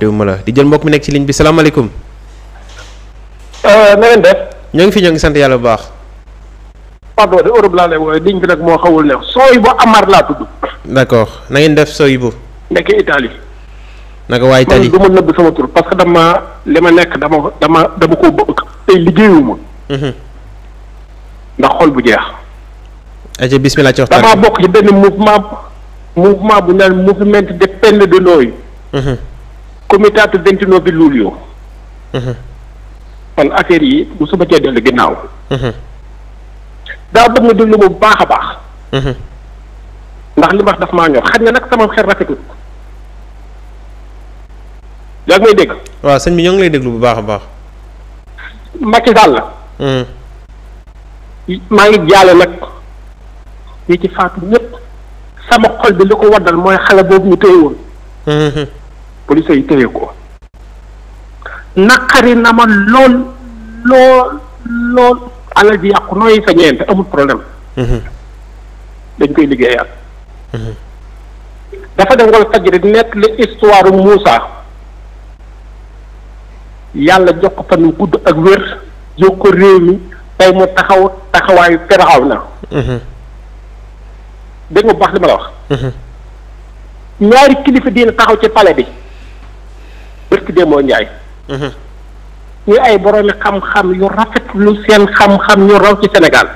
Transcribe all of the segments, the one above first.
diwuma la di jël mbokk mi nekk ci ligne bi salaamaaleykum. Euh, na def. ñoo ngi fi ñoo ngi sant yàlla bu baax. pardon de Europe laa lay woowee moo xawul neex Soyibu Amar laa tudd. d'accord na ngeen def Soyibu. nekk Italie. naka waa Italie man ma nëbb sama tur parce que dama li ma nekk dama dama dama ko bëgg tey liggéeyuma. Mhm. ndax xol bu jeex. ayca bismillah ci waxtaan damaa bokk ci benn mouvement mouvement bu de peine comitato ventinovesluglio mhm. kon affaire yi bu suba cee dellu ginnaaw mhm. daa bëgg nga déglu bu baax a baax mhm. ndax li ma daf maa ñor xaj na nag sama xel rafetul yaa ngi may dégg waaw sëñ bi ñoo ngi lay déglu bu baax a baax Macky Sall maa ngi jaale nag ngi ci faatu ñëpp sama xol bi li ko waddal mooy xale boobu ñu téye woon police yi téye ko naqari na ma lool lool lool alal ji yàqu nooy sa ñeent amul problème. Mhm. dañ koy liggéeyaat. Mhm. dafa dem wala fajri nekk li histoire Moussa yàlla jox ko fan gudd ak wér jox ko réew mi tey mu taxaw taxawaayu Firaaw na. Mhm. dégg nga baax li ma la wax. ñaari kilifa diina taxaw ci pale bi. bërki demoo njaay mhm. ñu ay boroomi xam-xam yu rafet lu seen xam-xam ñu raw ci senegal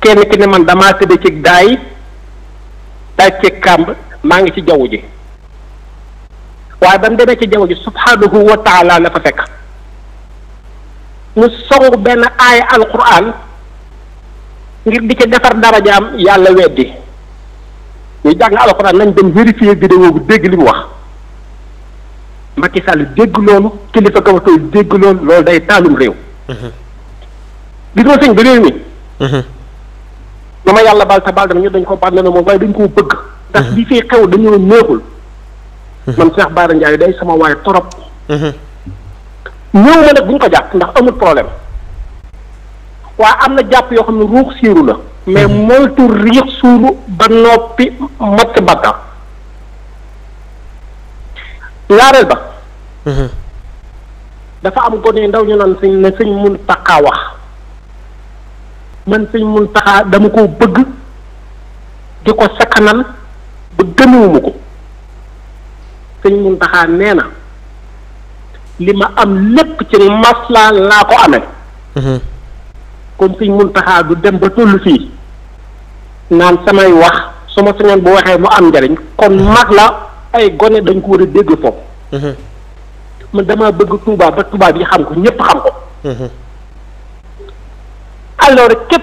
kenn ki ne man damaa tëdd ci daay daaj ci kàmb maa ngi ci jaww ji waaye ba mu demee ci jaww ji subhanahu wa taala fekk mu song benn aaya alquran ngir di ci defar dara jaam yàlla weddi ñu jàng alquran nañ dem vérifier vidéo bu dégg li mu wax Macky Sall dégg loolu kilifa kawatoo dégg loolu loolu day taalum réew. gis mhm. nga sëñ bi réew mi. ba mhm. yàlla baal te baal dama ñu dañ ko baal ne moom waaye dañ koo bëgg. ndax li fi xew dañoo néexul. Mhm. man Cheikh Bara Ndiaye day sama waay torop. ñëw ma nag bu ko jàpp ndax amul problème. waa am na jàpp yoo xam ne ruux siiru la. mais moytu riix suuru ba noppi matt batta ñaareel ba. Mhm. dafa am gone ndaw ñu naan sëñ ne mun Muntaxa wax man sëñ Muntaxa dama koo bëgg di ko sakkanal ba gënuwuma ko sëñ Muntaxa nee na li ma am lépp ci maslaa laa ko amee. Mhm. kon mun Muntaxa du dem ba tollu fii naan samay wax su ma sañoon bu waxee mu am njariñ kon mhm. mag ay gone dañ ko war a dégg foofu. Mhm. man damaa bëgg Touba ba Touba bi xam ko ñëpp xam ko. Mhm. alors képp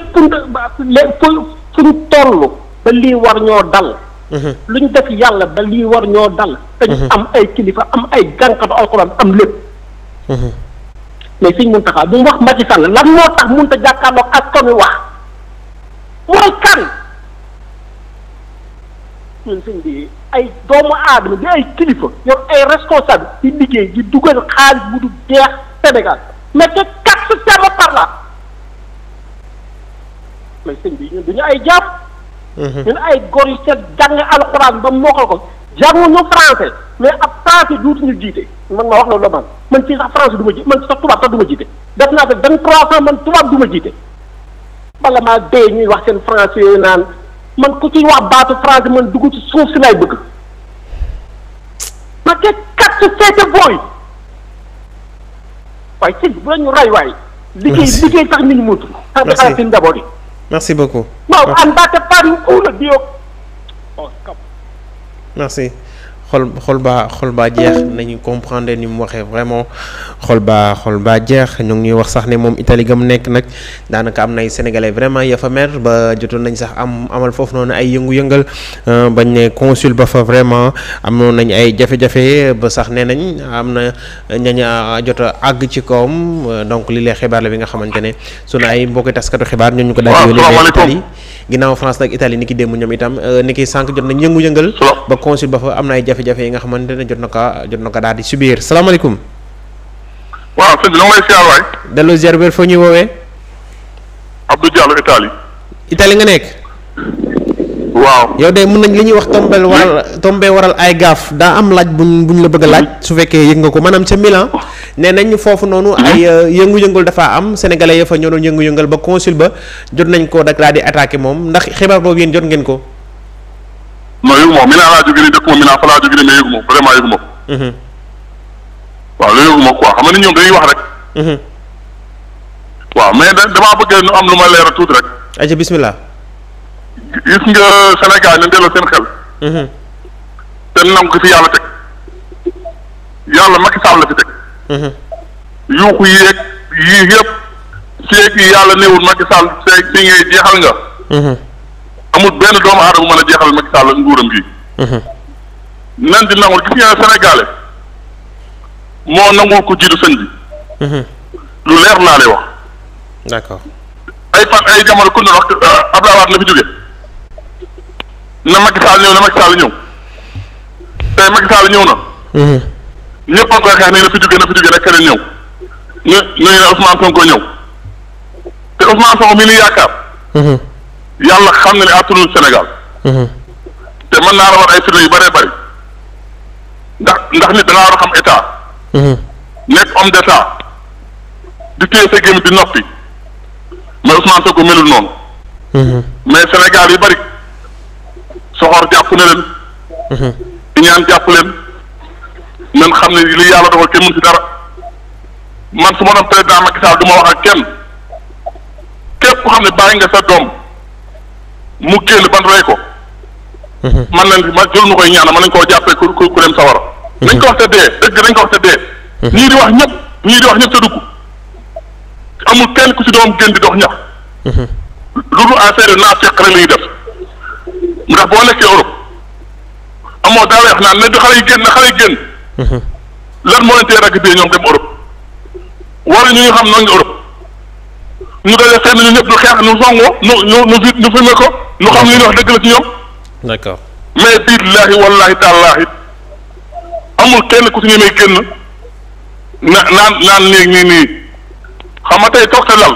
fu ñu toll ba lii war ñoo dal. Mhm. lu ñu def yàlla ba lii war ñoo dal. dañu am ay kilifa am ay jànkatu alxuraan am lépp. mais suñ Mountakha bu mu wax Macky Sall lan moo tax mënut a jàkkaarloog askan wi wax mooy kan. ñun sëñ bi ay doomu aadama di ay kilifa yor ay responsable di liggéey di dugal xaalis bu du jeex Sénégal mais te quatre terme par là mais bi ñun du ñu ay jàpp mhm. ñun ay góor yu seet jàng alxuraan ba mokkal ko jànguñu français mais ab français duutuñu jiite man ma wax loolu la man man ci sax français du ma jiite man sax tubaab sax du jiite def naa ko vingt trois ans man tubaab du ma jiite bala maa dee ñuy wax seen français naan man ku ciy wax baatu France man dugg ci suuf si lay bëgg ma kee kat su seete booy waaye si bu la ñu rey waaye. liggéey liggéey sax nit ñi muutu. merci xanaa merci beaucoup. waaw par une couleur di yokku. Oh, merci. xol xol baa xol baa jeex nañu comprendre ni mu waxee vraiment xol baa xol baa jeex ñu ngi ñuy wax sax ne moom Italie mu nekk nag daanaka am na ay sénégalais vraiment ya fa mer ba jotoon nañ sax am amal foofu noonu ay yëngu-yëngal euh, bañ ne consule ba fa vraiment amoon nañu ay jafe-jafe ba sax nee nañ am na ñaña jot a àgg ci kawam euh, donc li lay xibaar la bi nga xamante ne sunu ay mbokki taskatu xibaar ñoo ñu ko daal di yónnee Italie ginnaaw France nag Italie ni ki démb ñoom itam euh, ni ki sànq jot nañ yëngu-yëngal ba consul ba fa am na ay jafe-jafe yi nga xamante ne jot na ka jot na ko daal di subir salaamaaleykum waaw sëñ bi la nga lay siyaar waay delloo ziar wér foo ñuy woowee Abdou Diallo Italie Italie nga nekk waaw yow de mën nañ li ñuy wax tombel waral tombé waral ay gaaf daa am laaj bu buñ la bëgg a laaj su fekkee yëg nga ko maanaam ca Milan nee nañ foofu noonu mhm. ay euh, yëngu-yëngul dafa am sénégalais ya fa ñoo doon yëngu-yëngal ba consul ba jot nañ ko dak daal di moom ndax xibaar boobu yéen jot ngeen ko non yëgu moom Milan laa jóge ni mhm. mhm. damaa bëgg nu am lu ma leeral tuuti rek aja bismillah gis nga Sénégal nañ delloo seen xel. Mhm. te nangu ko yàlla teg yàlla Macky Sall la fi teg. Mhm. yuuxu yeeg yii yëpp yàlla néewul Macky Sall feeg fi jeexal nga. Mhm. amul benn doomu aadama mën a jeexal Macky Sall nguuram gi. nan di nangul gis nga Sénégalais moo nangul ko jiitu sëñ bi. lu leer laa lay wax. d'accord ay fan ay jamono ku ne wax la fi jóge na Macky Sall ñëw na Macky Sall ñëw tey Macky Sall ñëw na. Mhm. ñëpp a koy xeex ne na fi jugee na fi jugee rek keneen ñëw ñu ñu ne Ousmane Sonko ñëw te Ousmane Sonko mi ni yaakaar. Mhm. yàlla xam na ne àttanul Sénégal. Mhm. te mën naa la war ay firnde yu bëree bëri ndax ndax nit da ngaa war a xam état. nekk homme d'état di téye sa gémmiñ di noppi mais Ousmane Sonko melul noonu. mais Sénégal yu bëri. soxor jàpp na leen. Mhm. ñaan jàpp leen. nañ xam ne li yàlla dogal kenn mën si dara. man su ma doon président Macky Sall du ma wax ak kenn. képp xam ne bàyyi nga sa doom. mu génn ban rey ko. Mhm. man nañ ma jël nu koy ñaanal man nañ koo jàppee ku ku dem sawara. Mhm. nañ ko wax te dee dëgg nañ koo wax te dee. ñii di wax ñëpp ñii di wax ñëpp te dugg. amul kenn ku si doom génn di dox ñax. lu dul affaire naa fekk rek la ñuy ndax boo nekkee Europe amoo daa xam naan ne du xale yi génn na xale yi génn. Mhm. lan moo leen tee ràgg bee ñoom dem Europe war ñu ñu xam noonu Europe ñu daje fenn ñu ñëpp du xeex nu songoo nu nu nu fi nu filmé ko nu xam li ñuy wax dëgg la ci ñoom. d'accord mais billaahi wallaahi taalaahi amul kenn ku si ñemee génn na naan naan nii nii nii xam nga tey toog sa lal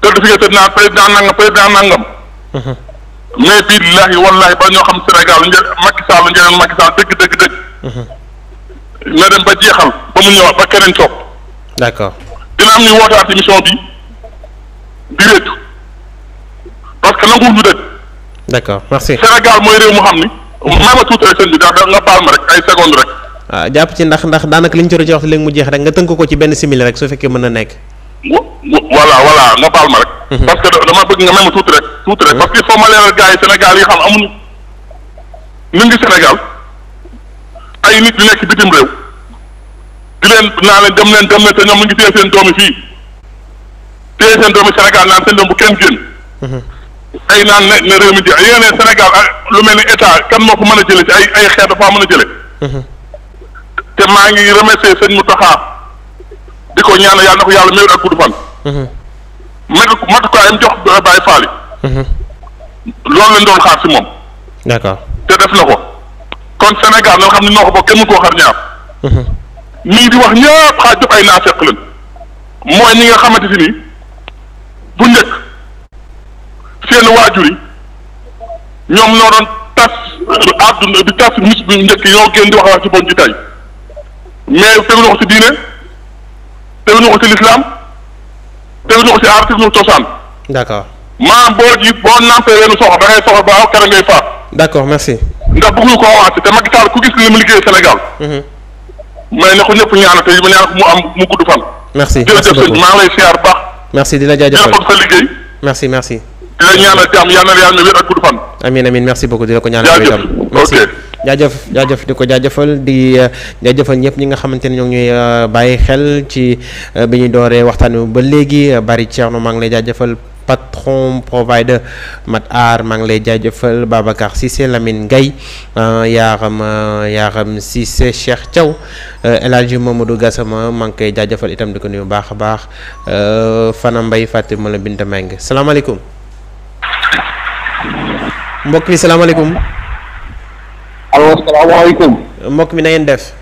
te du fi nga tëdd naan président nangam président nangam. Mhm. mais billahi wallahi ba ñoo xam Sénégal një Macky Sall njëriñ Macky Sall dëgg dëgg dëgg. Mhm. na dem ba jeexal ba mu ñëwaat ba keneen toog. d'accord dina am ñu wootaat émission bi di wétu parce que nanguwul ñu dëgg. d'accord merci Sénégal mooy réew mu xam ni. maa mhm. ma tuutale seen bi ndax nga baal ma rek ay seconde rek. Ah, jàpp ci ndax ndax daanaka liñ coro ci waxtu léegi mu jeex rek nga tënk ko ci benn simili rek su fekkee mën na nekk. voilà voilà nga baal tuuti rek parce que il faut ma yi Sénégal yi xam amuñu mu ngi Sénégal ay nit di nekk bitim réew di leen naa leen dem leen dem leen te ñoom ñu ngi téye seen doomi fii téye seen doomi Sénégal naan seen doom bu kenn génn. Mhm. ay naan ne réew mi di yéen Sénégal ah, lu mel ni état kan moo ko mën a jëlee ci ay ay xeet dafa mën a jële mhm. te maa ngi remercier sëñ Mountakha di ko ñaanal yàlla na ko yàlla meew ak gudd fan. Mhm. matukaayam jox Baye Fall Mhm. loolu lañ doon xaar si moom. d'accord te def la ko kon Sénégal nga xam ne noo ko bokk kenn koo xar ñaar. Mhm. ñii di wax ñëpp xaaj yëpp ay naafeq lañ mooy ñi nga xamante si ni bu njëkk seen waajur yi ñoom ñoo doon tas àdduna di tas mis bu njëkk ñoo gën di wax wax ci bon ci tey mais teguñu ko si diine teguñu ko si lislaam teguñu ko si aar teguñu cosaan d'accord maanaam boo ji boo nampee leen soxla da ba aw keroog ngay faat. d'accord merci. ndax bëgguñu ko avancé te Macky Sall ku gis li mu liggéey Sénégal. Mhm. may ne ko ñëpp ñaanal te ma ko mu am mu gudd fan. merci merci beaucoup jërëjëf sëñ maa ngi lay siyaar baax. merci di la jaajëfal jërëjëf sa liggéey. merci merci. di la ñaanal jàmm yal na yàlla wér ak gudd fan. amiin merci beaucoup di ko ñaanal. jaajëf merci jaajëf jaajëf di ko jaajëfal di eh, jaajëfal ñëpp ñi nga xamante ni ñoo ngi ñuy eh, bàyyi xel ci eh, bi ñuy dooree waxtaan ba léegi bari Thierno maa ngi lay jaajëfal patron provider Mat Aar maa ngi lay jaajëfal Babacar Cissé Lamine Gaye ah, Yaram ah, Yaram Cissé Cheikh Thiaw eh, El Hadji Mamadou Gassama maa ngi koy jaajëfal itam di ko nuyu baax a baax eh, Fana Mbaye Fatima la Binta Mbengue salaamaaleykum mbokk mi salaamaaleykum. allo mbokk mi na ngeen def.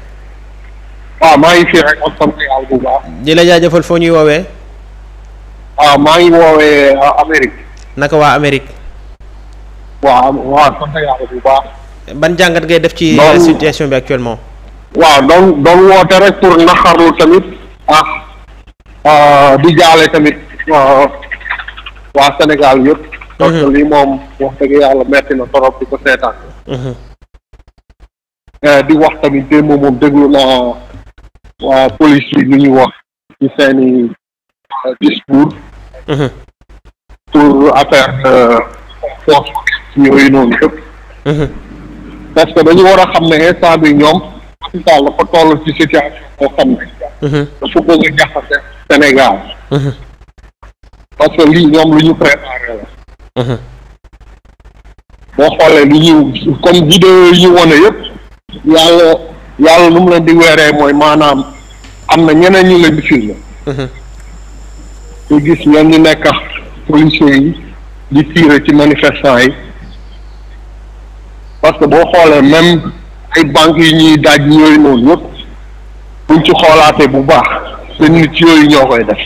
waaw ah, maa ngi di la jaajëfal foo ñuy woowee. Ah, maa ngi woowee ah, Amérique. naka waa Amérique. waaw waaw sant yàlla bu baax. ban jàngat ngay def ci. Euh, situation bi actuellement. waaw doon doon woote rek pour naxarlu tamit ah, di jaale tamit waa Sénégal yëpp. Mhm. parce que moom wax dëgg yàlla metti na torop di ko seetaan. Mhm. Eh, di wax tamit démb moom déglu naa waa police yi lu ñuy wax ci seeni discours mhm. pour affaire euh, force yooyu noonu yëpp mhm. parce que dañu war a xam ne instant bi ñoom Macky Sall dafa toll ci situation boo xam ne mhm. dafa bëgg a jaxase Sénégal parce que lii ñoom lu ñu préparé la boo xoolee lu ñu comme vidéo yi ñu wone yëpp yàlla yàlla nu mu leen di weeree mooy maanaam am na ñeneen ñu leen di filmer ñu gis ñoom ñu nekk ak policiers yi di tirer ci manifestants yi parce que boo xoolee même ay banques yi ñuy daaj yooyu noonu yëpp buñ ci xoolaatee bu baax seen nit yooyu ñoo koy def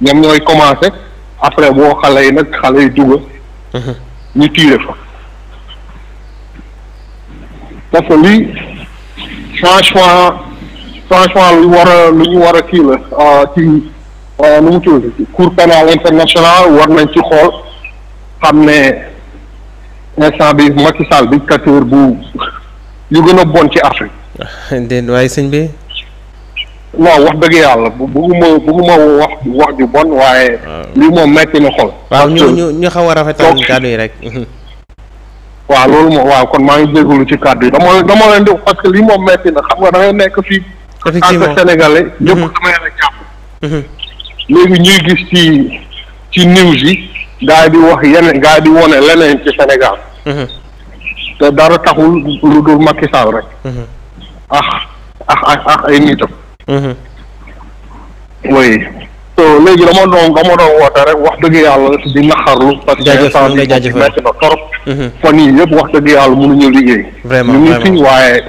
ñoom ñooy commencé après boo xale yi nag xale yi dugg mhm. ñu tiire fa parce que lii franchement franchement lu war a lu ñu war a kii la ah, ci nu mu tudd cour pénal international war nañ ci xool xam ne instant bi Macky bi dictateur bu yu gën a bon ci Afrique. déedéet waaye sëñ bi. non wax dëgg yàlla bëgguma bëgguma wax wax ju bon waaye. lii moom metti na xol. waaw ñu ñu ñu xaw a rafetal kàddu yi rek. waaw loolu moom waaw kon maa ngi jégalu ci kàddu yi dama dama leen di parce que lii moom metti na xam nga da nekk fii. effectivement en tant que dama mm-hmm. leen jàpp. Mm-hmm. léegi ñuy gis ci ci news yi gaa yi di wax yeneen gaa yi di wone leneen ci Sénégal mhm. te dara taxul lu dul Macky Sall rek mhm. ah ah ah ah ay nitam mhm. oui so léegi dama doon dama doon woote rek wax dëgg yàlla di naxarlu parce que instant bi ci metti na torop fan yi yëpp wax dëgg yàlla mënuñu liggéey ñu ngi fi waaye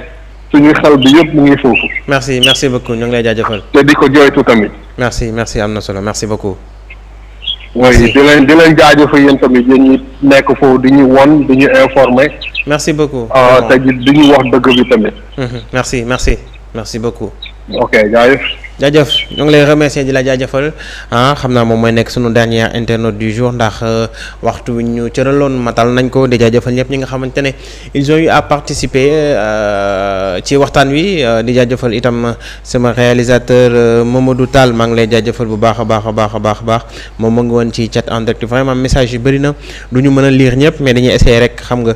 suñu xel bi yëpp mu ngi foofu merci merci beaucoup ñu ngi lay jaajëfal te di ko jooytu tamit merci merci am na solo merci beaucoup. merci oui di leen di leen jaajëfal yéen tamit yéen ñi nekk foofu di ñu won di ñu informer. merci beaucoup ah, te di ñuy wax dëgg bi tamit. Mhm. merci merci merci beaucoup. ok jaajëf. jaajëf ñu ngi lay remercier di la jaajëfal ah xam naa moom mooy nekk sunu dernier internaute du jour ndax euh, waxtu wi ñu cëraloon matal nañ ko di jaajafal ñëpp ñi nga xamante ne ils ont eu à participer euh, ci waxtaan wi euh, di jaajëfal itam sama réalisateur Mamadou Tall maa ngi lay jaajëfal bu baax baax a baax a baax baax moom mu woon ci chat en direct message yi bëri na du ñu mën a lire ñëpp mais dañuy essayer rek xam nga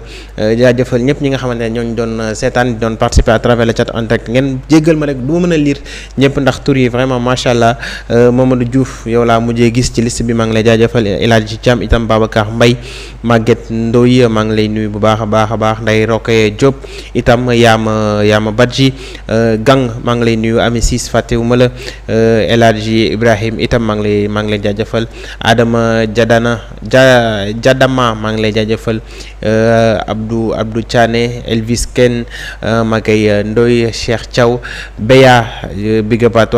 jaajëfal ñëpp ñi nga xamante ne ñooñu doon seetaan di doon participer à travers le chat en direct ngeen jéggal ma rek du ma mën a lire ñëpp ndax tur yi vraiment macha allah euh, Mamadou Diouf yow laa mujjee gis ci liste bi maa ngi lay jaajëfal El Hadji Thiam itam Babacar Mbaye Maguette Ndoye maa ngi lay nuyu bu baax a baax a baax Ndeye Rokhaya Diop itam Yaama Yaama Badji euh, Gang maa ngi lay nuyu Ami Sis fàttewuma la euh, El Ibrahim itam mag lay maa ngi lay jaajëfal Adama Jadana Ja Jadama maa ngi lay jaajëfal Abdou Abdou Thiané Elvis Ken Magay Ndoye Cheikh Thiaw Beya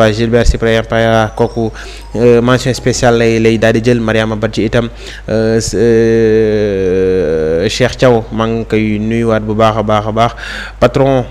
victoire Gilbert Cyprien Paya kooku euh, mention spéciale lay lay daal di jël Mariama Badji itam euh, euh, Cheikh caw maa ngi koy nuyuwaat bu baax a baax a baax patron.